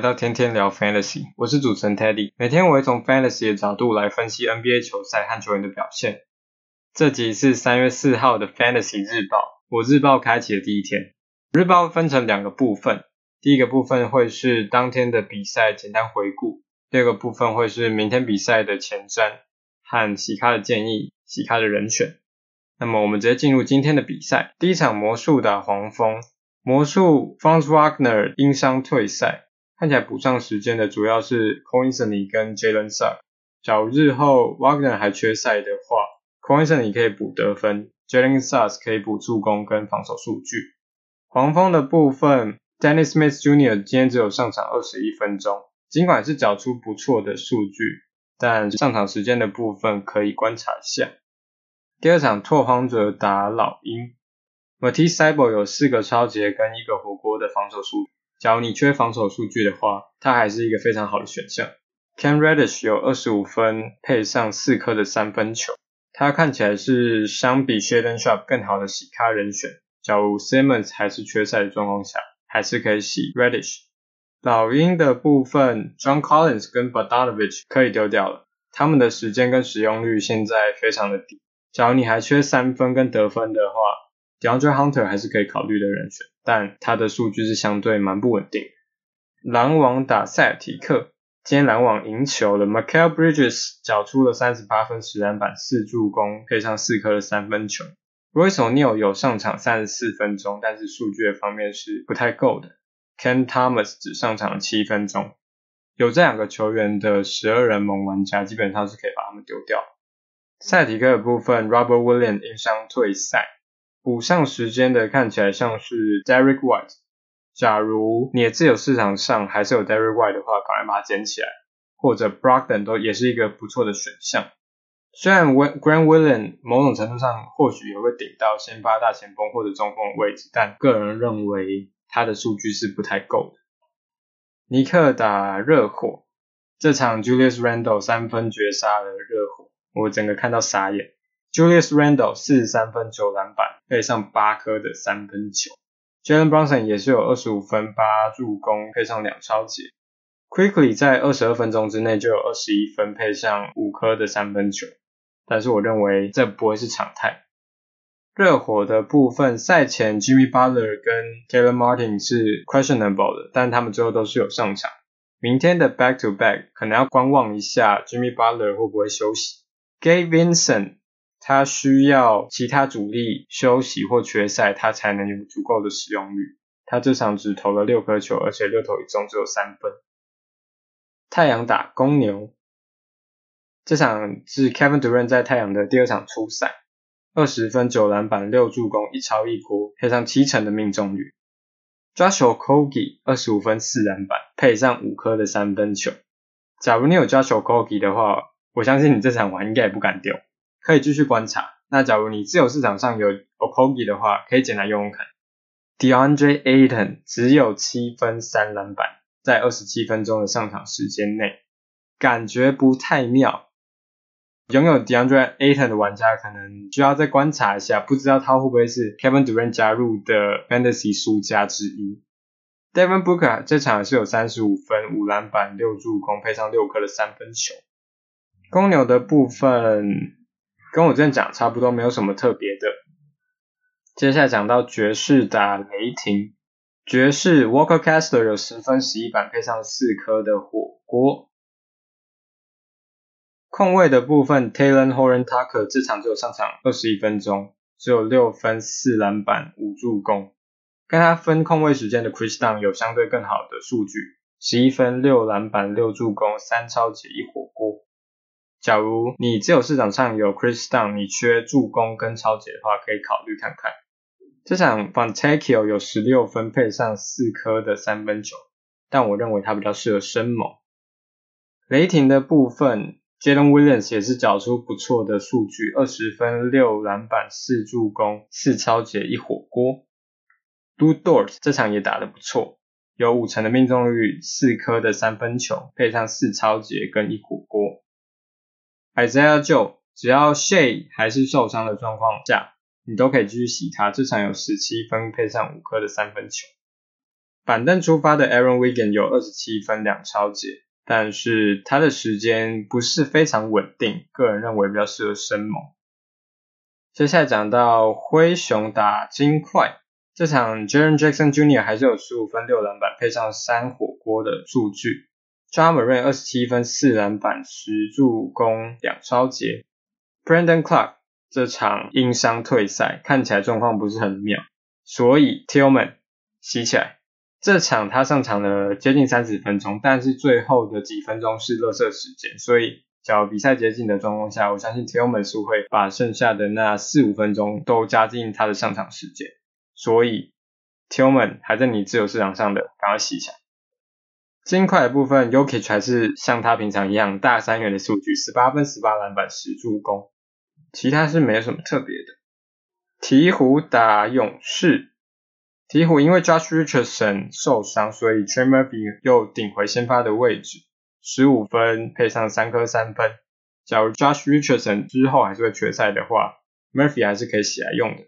到天天聊 Fantasy，我是主持人 Teddy。每天我會從 Fantasy 的角度來分析 NBA 球賽和球員的表現。這集是三月四號的 Fantasy 日報，我日報開啟的第一天。日報分成兩個部分，第一個部分會是當天的比賽簡單回顧，第二個部分會是明天比賽的前瞻和洗咖的建議、洗咖的人選。那麼我們直接進入今天的比賽，第一場魔術打黃蜂，魔術 Franz Wagner 因傷退賽。看起來補上時間的主要是 Cole Anthony 跟 Jalen Suggs。假如日後 Wagner 還缺賽的話，Cole Anthony 可以補得分，Jalen Suggs 可以補助攻跟防守數據。黃蜂的部分，Dennis Smith Jr. 今天只有上場二十一分鐘，儘管是找出不錯的數據，但上場時間的部分可以觀察下。第二場拓荒者打老鷹，Matisse Thybulle 有四個抄截跟一個火鍋的防守數據。假如你缺防守數據的話，它還是一個非常好的選項。Cam Reddish 有二十五分配上四顆的三分球，它看起來是相比 Shaedon Sharpe 更好的洗咖人選。假如 Simmons 還是缺賽的狀況下，還是可以洗 Reddish。老鷹的部分，John Collins 跟 Bogdanovic 可以丟掉了，他們的時間跟使用率現在非常的低。假如你還缺三分跟得分的話，DeAndre Hunter 還是可以考慮的人選，但他的數據是相對蠻不穩定。籃網打賽提克，今天籃網贏球了。Michael Bridges 繳出了三十八分、十籃板、四助攻，配上四顆的三分球。Royce O'Neal 有上場三十四分鐘，但是數據的方面是不太夠的。Ken Thomas 只上場了七分鐘。有這兩個球員的十二人盟玩家，基本上是可以把他們丟掉。賽提克的部分，Robert Williams 因傷退賽。補上時間的看起來像是 Derrick White。假如你的自由市場上還是有 Derrick White 的話，趕快把它撿起來。或者 Brogdon 都也是一個不錯的選項。雖然 Grant Williams 某種程度上或許也會頂到先發大前鋒或者中鋒的位置，但個人認為他的數據是不太夠的。尼克打熱火，這場 Julius Randle 三分絕殺了熱火，我整個看到傻眼。Julius Randle 四十三分球籃板，配上八顆的三分球。Jalen Brunson 也是有二十五分八助攻，配上兩抄截。Quickly 在二十二分鐘之內就有二十一分配上五顆的三分球，但是我認為這不會是常態。熱火的部分，賽前 Jimmy Butler 跟 Caleb Martin 是 questionable 的，但他們最後都是有上場。明天的 back to back 可能要觀望一下 Jimmy Butler 會不會休息。Gabe Vincent。他需要其他主力休息或缺賽，他才能有足夠的使用率。他這場只投了六顆球，而且六投一中，只有三分。太陽打公牛，這場是 Kevin Durant 在太陽的第二場出賽，二十分九籃板六助攻一抄一鍋，配上七成的命中率。Josh Okogie 二十五分四籃板，配上五顆的三分球。假如你有 Josh Okogie 的話，我相信你這場玩應該也不敢丟。可以繼續觀察。那假如你自由市場上有 Okogie 的話，可以簡單用用看。DeAndre Ayton 只有七分三籃板，在二十七分鐘的上場時間內，感覺不太妙。擁有 DeAndre Ayton 的玩家可能需要再觀察一下，不知道他會不會是 Kevin Durant 加入的 Fantasy 輸家之一。Devin Booker 這場是有三十五分、五籃板、六助攻，配上六顆的三分球。公牛的部分，跟我之前講差不多，沒有什麼特別的。接下來講到爵士打雷霆，爵士 Walker Kessler 有十分十一板，配上四顆的火鍋。控衛的部分，Talen Horton-Tucker 這場只有上場二十一分鐘，只有六分四籃板五助攻。跟他分控衛時間的 Kris Dunn 有相對更好的數據，十一分六籃板六助攻三抄截一火鍋。假如你自由市場上有 Kris Dunn，你缺助攻跟抄截的話，可以考慮看看。這場 Fontecchio 有十六分配上四顆的三分球，但我認為他比較適合生猛。雷霆的部分，Jalen Williams 也是繳出不錯的數據，二十分六籃板四助攻四抄截一火鍋。Lu Dort 這場也打得不錯，有五成的命中率，四顆的三分球配上四抄截跟一火鍋。Isaiah Joe，只要 Shai 還是受傷的狀況下，你都可以繼續洗他。這場有十七分配上五顆的三分球。板凳出發的 Aaron Wiggins 有二十七分兩抄截，但是他的時間不是非常穩定，個人認為比較適合生猛。接下來講到灰熊打金塊，這場 Jaren Jackson Jr. 還是有十五分六籃板配上三火鍋的數據。Ja Morant 二十七分、四籃板、十助攻、兩抄截。Brandon Clark 這場因傷退賽，看起來狀況不是很妙。所以 Tillman 洗起來。這場他上場了接近三十分鐘，但是最後的幾分鐘是垃圾時間，所以只要比賽接近的狀況下，我相信 Tillman 是會把剩下的那四五分鐘都加進他的上場時間。所以 Tillman 還在你自由市場上的，趕快洗起來。金塊的部分，Jokic 還是像他平常一樣大三元的數據，十八分、十八籃板、十助攻，其他是沒有什麼特別的。鵜鶘打勇士，鵜鶘因為 Josh Richardson 受傷，所以 Trey Murphy 又頂回先發的位置，十五分配上三顆三分。假如 Josh Richardson 之後還是會缺賽的話，Murphy 還是可以起來用的。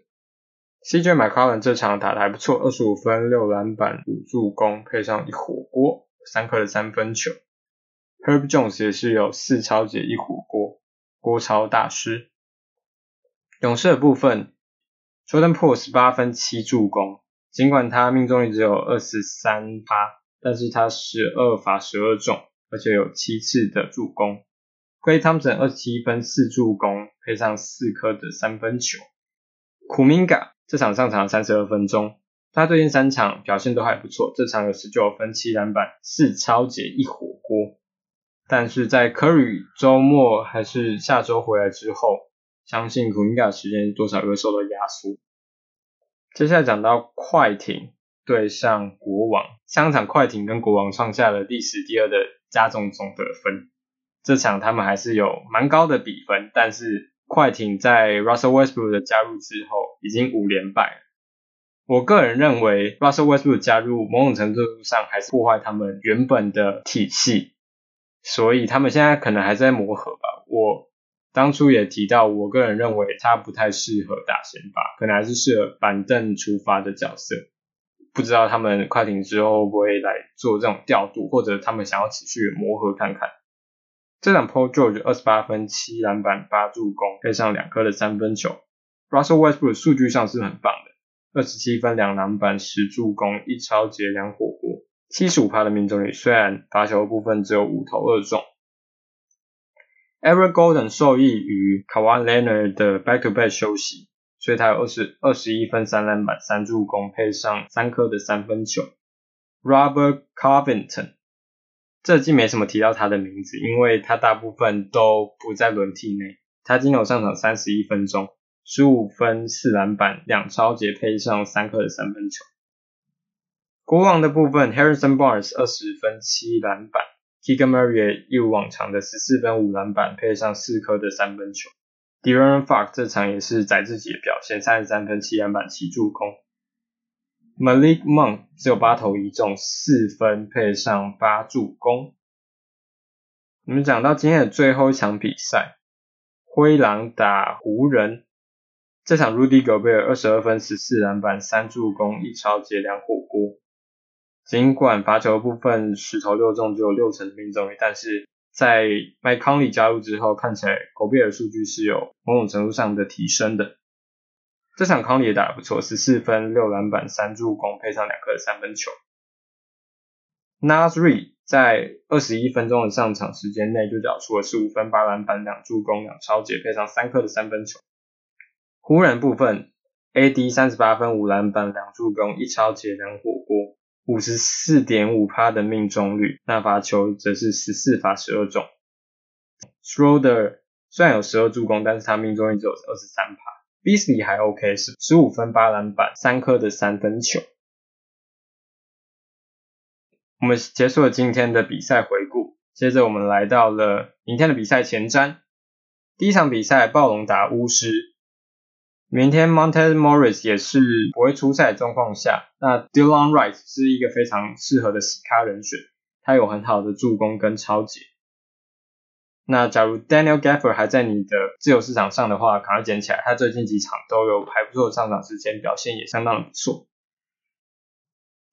CJ McCollum 這場打得還不錯，二十五分、六籃板、五助攻，配上一火鍋。三顆的三分球，Herb Jones 也是有四超解一火鍋，鍋抄大師。勇士的部分，Jordan Poole 十八分七助攻，儘管他命中率只有二十三趴，但是他十二罰十二中，而且有七次的助攻。Klay Thompson 二十七分四助攻，配上四顆的三分球。Kuminga 這場上場三十二分鐘。他最近三場表現都還不錯，這場有十九分、七籃板、四抄截、一火鍋。但是在科瑞周末還是下周回來之後，相信 Kuminga 時間多少會受到壓縮。接下來講到快艇對上國王，上場快艇跟國王創下了歷史第二的加總總得分。這場他們還是有蠻高的比分，但是快艇在 Russell Westbrook、ok、的加入之後，已經五連敗。我個人認為，Russell Westbrook、ok、加入某種程度上還是破壞他們原本的體系，所以他們現在可能還在磨合吧。我當初也提到，我個人認為他不太適合打先發，可能還是適合板凳出發的角色。不知道他們快艇之後會不會來做這種調度，或者他們想要持續磨合看看。這場 Paul George 二十八分、七籃板、八助攻，配上兩顆的三分球，Russell Westbrook、ok、數據上是很棒的。二十七分兩籃板十助攻一抄截兩火鍋，七十五趴的命中率。雖然罰球部分只有五投二中。Eric Gordon 受益於 Kawhi Leonard 的 back-to-back back 休息，所以他有二十二十一分三籃板三助攻，配上三顆的三分球。Robert Covington 這季沒什麼提到他的名字，因為他大部分都不在輪替內。他今天有上場三十一分鐘。十五分四籃板兩抄截配上三顆的三分球。國王的部分，Harrison Barnes 二十分七籃板，Keegan Murray 一如往常的十四分五籃板，配上四顆的三分球。De'Aaron Fox 這場也是宰自己的表現，三十三分七籃板七助攻。Malik Monk 只有八投一中，四分配上八助攻。我們講到今天的最後一場比賽，灰狼打湖人。這場，Rudy Gobert 二十二分、十四籃板、三助攻、一抄截、兩火鍋。儘管罰球部分十投六中，只有六成的命中率，但是在麥康利加入之後，看起來戈貝爾數據是有某種程度上的提升的。這場康利也打得不錯，十四分、六籃板、三助攻，配上兩顆三分球。Naz Reid 在二十一分鐘的上場時間內就繳出了十五分、八籃板、兩助攻、兩抄截，配上三顆的三分球。湖人部分，AD 三十八分、五籃板、兩助攻、一抄截、兩火鍋，五十四點五趴的命中率。那罰球則是十四罰十二中。Schroeder 雖然有十二助攻，但是他命中率只有二十三趴。Beasley 還 OK，是十五分、八籃板、三顆的三分球。我們結束了今天的比賽回顧，接着我們來到了明天的比賽前瞻。第一場比賽，暴龍打巫師。明天，Monte Morris 也是不會出賽的狀況下，那 Dillon Wright 是一個非常適合的洗咖人選，他有很好的助攻跟抄截。那假如 Daniel Gafford 還在你的自由市場上的話，趕快撿起來，他最近幾場都有還不錯的上場時間，表現也相當的不錯。嗯、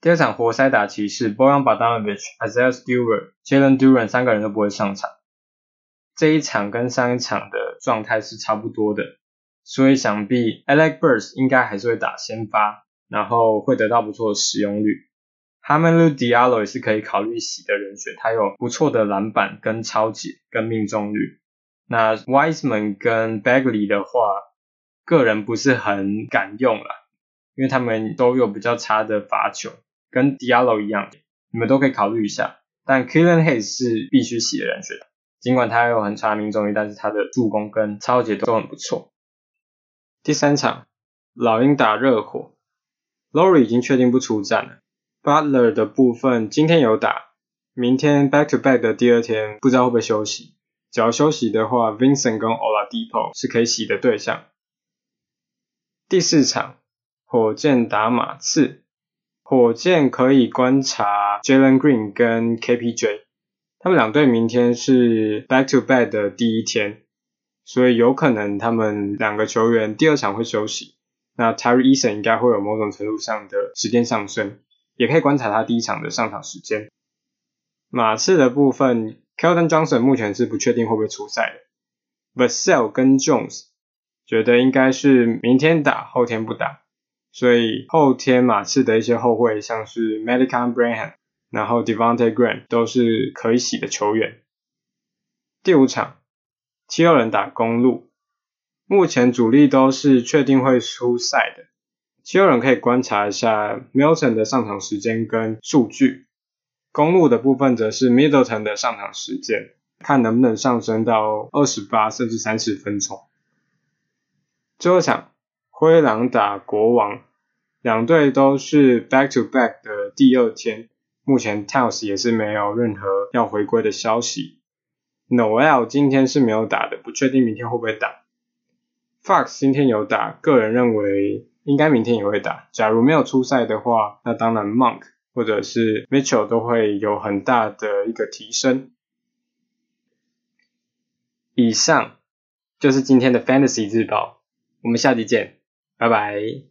第二場，活塞打騎士 Bojan Bogdanovic、Isaiah Stewart、Jalen Duren 三個人都不會上場，這一場跟上一場的狀態是差不多的。所以想必 Alec Burks 應該還是會打先發，然後會得到不錯的使用率。Hamidou Diallo 也是可以考慮洗的人選，他有不錯的籃板跟抄截跟命中率。那 Wiseman 跟 Bagley 的話，個人不是很敢用啦，因為他們都有比較差的罰球，跟 Diallo 一樣，你們都可以考慮一下。但 Killian Hayes 是必須洗的人選，儘管他有很差的命中率，但是他的助攻跟抄截都很不錯。第三場，老鷹打熱火，Lori 已經確定不出戰了。Butler 的部分今天有打，明天 Back to Back 的第二天不知道會不會休息。只要休息的話，Vincent 跟 Oladipo 是可以洗的對象。第四場，火箭打馬刺，火箭可以觀察 Jalen Green 跟 KPJ，他們兩隊明天是 Back to Back 的第一天。所以有可能他們兩個球員第二場會休息，那 Terry Eason 應該會有某種程度上的時間上升，也可以觀察他第一場的上場時間。馬刺的部分 Keldon Johnson 目前是不確定會不會出賽的，Vassell 跟 Jones 覺得應該是明天打，後天不打，所以後天馬刺的一些後衛，像是 Malaki Branham，然後 Devonte Graham 都是可以洗的球員。第五場。七六人打公鹿，目前主力都是確定會出賽的。七六人可以觀察一下 Milton 的上場時間跟數據。公鹿的部分則是 Middleton 的上場時間，看能不能上升到二十八甚至三十分鐘。最後一場，灰狼打國王，兩隊都是 back to back 的第二天。目前 Towns 也是沒有任何要回歸的消息。Noel 今天是沒有打的，不確定明天會不會打。Fox 今天有打，個人認為應該明天也會打。假如沒有出賽的話，那當然 Monk 或者是 Mitchell 都會有很大的一個提升。以上就是今天的 Fantasy 日報，我們下期見，拜拜。